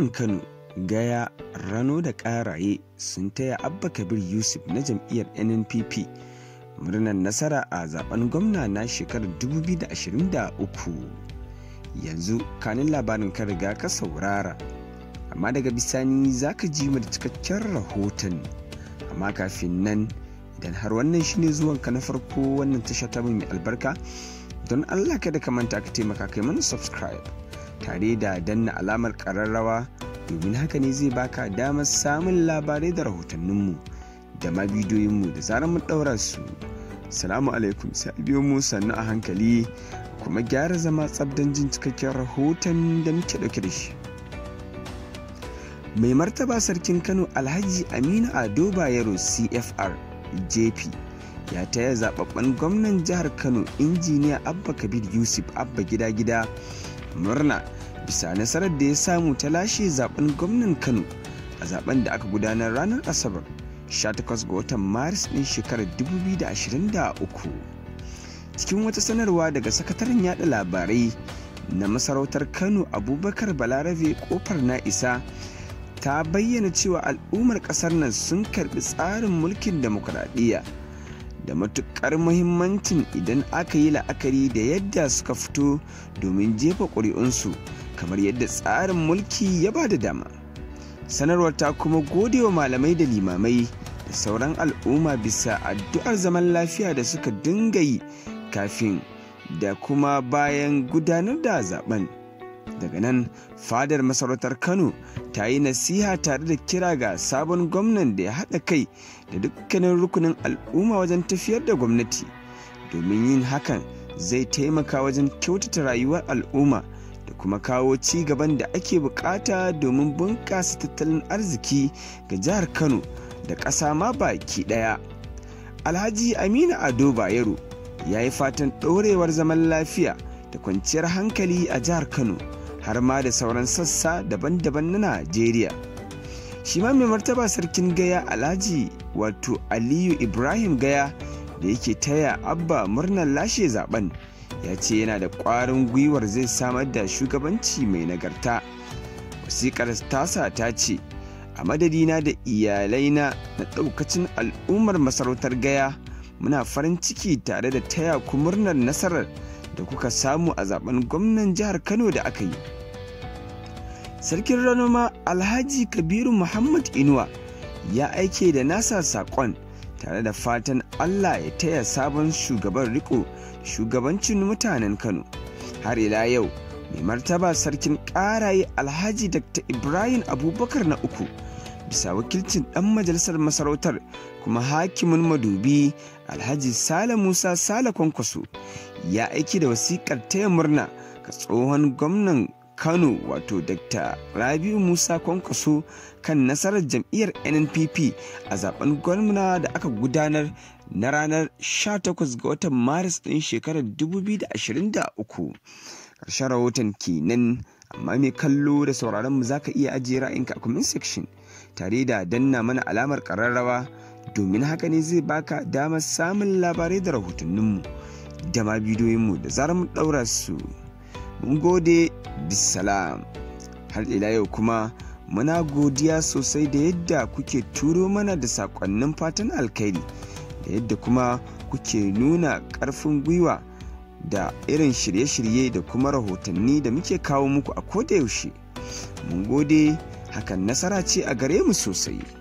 Gwamnan Kano Gaya Rano da Ƙaraye sun taya Abba Kabir Yusuf na jam'iyyar NNPP murnar nasara a zaben gwamna na shekarar 2023. Yanzu kanin labarin ka riga ka saurara, amma daga bisani za ka ji da cikakken rahoton. Amma kafin nan, idan har wannan shine zuwanka na farko wannan tasha ta mai albarka, don Allah kada ka manta ka taimaka kai mana subscribe. tare da danna alamar ƙararrawa domin haka ne zai baka damar samun labarai da rahotanninmu da ma bidiyoyinmu da zarar mun ɗaura su salamu alaikum sai biyo mu sannu a hankali kuma gyara zama tsabdan jin cikakken rahoton da muke ɗauke da shi mai martaba sarkin kano alhaji aminu ado bayero cfr jp ya taya zababben gwamnan jihar kano injiniya abba kabir yusuf abba gida-gida murna bisa nasarar da ya samu ta lashe zaben gwamnan kano a zaben da aka gudanar ranar asabar 18 ga watan maris ɗin shekarar 2023 cikin wata sanarwa daga sakataren yada labarai na masarautar kano abubakar balarabe kofar na isa ta bayyana cewa al'ummar kasar nan sun karbi tsarin mulkin demokuraɗiyya da matuƙar muhimmancin idan aka yi la'akari da yadda suka fito domin jefa ƙuri'unsu kamar yadda tsarin mulki ya ba da dama sanarwar ta kuma gode wa malamai da limamai da sauran al'umma bisa addu'ar zaman lafiya da suka dinga yi kafin da kuma bayan gudanar da zaben daga nan fadar masarautar kano ta yi nasiha tare da kira ga sabon gwamnan da ya haɗa kai da dukkanin rukunin al'umma wajen tafiyar da gwamnati domin yin hakan zai taimaka wajen kyautata rayuwar al'umma da kuma kawo ci gaban da ake bukata domin bunƙasa tattalin arziki ga jihar kano da ƙasa ma baki ɗaya alhaji aminu ado bayero ya yi fatan ɗorewar zaman lafiya da kwanciyar hankali a jihar kano har ma da sauran sassa daban-daban na najeriya shi ma mai martaba sarkin gaya alhaji wato aliyu ibrahim gaya da yake taya abba murnar lashe zaben ya ce yana da ƙwarin gwiwar zai samar da shugabanci mai nagarta wasiƙar tasa ta ce a madadina da iyalaina na ɗaukacin al'ummar masarautar gaya muna farin ciki tare da taya ku murnar nasarar da kuka samu a zaben gwamnan jihar Kano da aka yi. Sarkin Ranoma Alhaji Kabiru Muhammad Inuwa ya aike da nasa saƙon tare da fatan Allah ya taya sabon shugaban riko shugabancin mutanen Kano. Har ila yau, mai martaba sarkin ƙaraye Alhaji Dr. Ibrahim Abubakar na uku. bisa wakilcin ɗan majalisar masarautar kuma hakimin madubi alhaji sale musa sale kwankwaso ya aiki da wasiƙar taya murna ga tsohon gwamnan kano wato dr rabiu musa kwankwaso kan nasarar jam'iyyar nnpp a zaben gwamna da aka gudanar na ranar 18 ga watan maris ɗin shekarar 2023 ƙarshen rahoton kenan amma mai kallo da sauraron mu zaka iya ajiye ra'ayinka a comment section tare da danna mana alamar ƙararrawa domin haka ne zai baka damar samun labarai da rahotanninmu da ma bidiyoyinmu da zarar mun ɗaura su mun gode bisalam har ila yau kuma muna godiya sosai da yadda kuke turo mana da saƙonnin fatan alkhairi da yadda kuma kuke nuna ƙarfin gwiwa da irin shirye-shirye da kuma rahotanni da muke kawo muku a kodayaushe mun gode hakan nasara ce a gare mu sosai